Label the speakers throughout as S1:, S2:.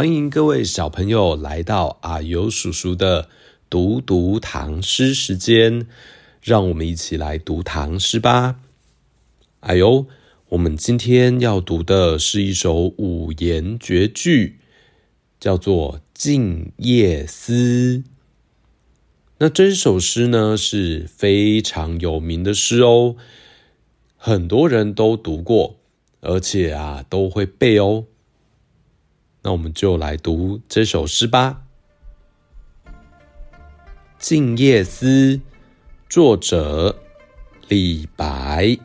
S1: 歡迎各位小朋友來到啊呦叔叔的讀讀唐詩時間，讓我們一起來讀唐詩吧。啊呦，我們今天要讀的是一首五言絕句，叫做《靜夜思》。那這首詩呢是非常有名的詩哦，很多人都讀過，而且啊都會背哦。那我們就來讀這首詩吧，《靜夜思》作者李白。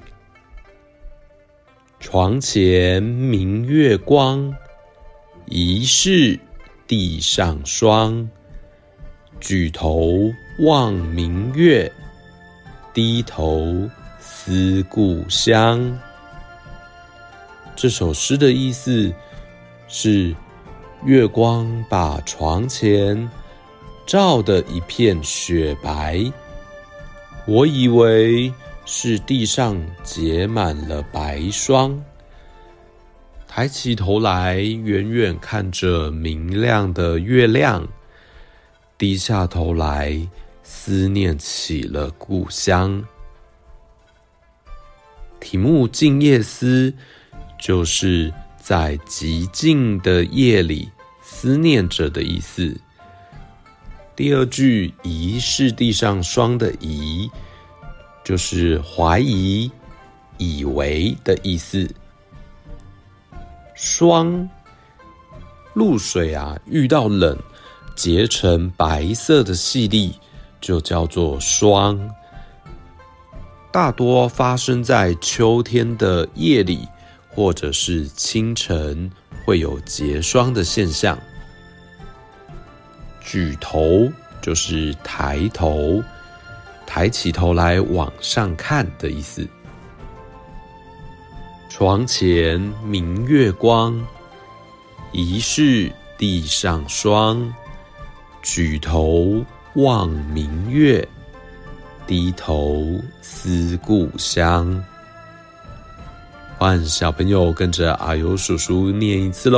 S1: 床前明月光，疑是地上霜。舉頭望明月，低頭思故鄉。這首詩的意思是。月光把床前照得一片雪白，我以為是地上結滿了白霜。抬起頭來，遠遠看着明亮的月亮；低下頭來，思念起了故鄉。題目《靜夜思》，就是在寂靜的夜裡。思念者的意思。第二句疑是地上霜的疑，就是懷疑、以為的意思。霜，露水啊，遇到冷，結成白色的細粒，就叫做霜。大多發生在秋天的夜裡，或者是清晨，會有結霜的現象。舉頭就是抬頭，抬起頭來往上看的意思。床前明月光，疑是地上霜。舉頭望明月，低頭思故鄉。歡迎小朋友跟着啊呦叔叔念一次嘍。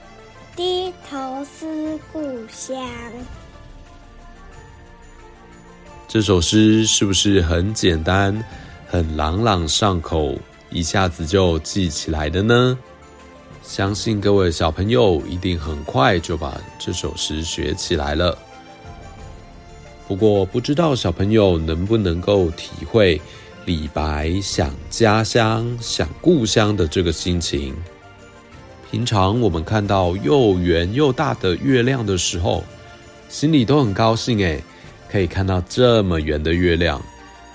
S1: 低頭思故鄉。這首詩是不是很簡單、很朗朗上口，一下子就記起來的呢？相信各位小朋友一定很快就把這首詩學起來了。不過，不知道小朋友能不能夠體會李白想家鄉、想故鄉的這個心情。平常我們看到又圓又大的月亮的時候，心裡都很高興哎，可以看到這麼圓的月亮。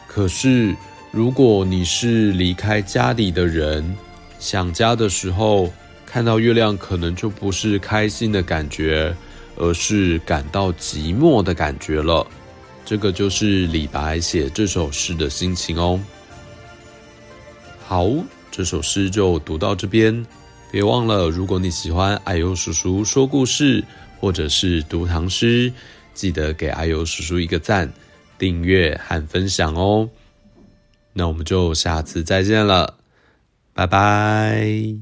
S1: 可是如果你是離開家裡的人，想家的時候，看到月亮可能就不是開心的感覺，而是感到寂寞的感覺了。這個就是李白寫這首詩的心情哦。好，這首詩就讀到這邊。別忘了，如果你喜歡啊呦叔叔說故事，或者是讀唐詩，記得給啊呦叔叔一個贊、訂閱和分享哦。那我們就下次再見了，拜拜。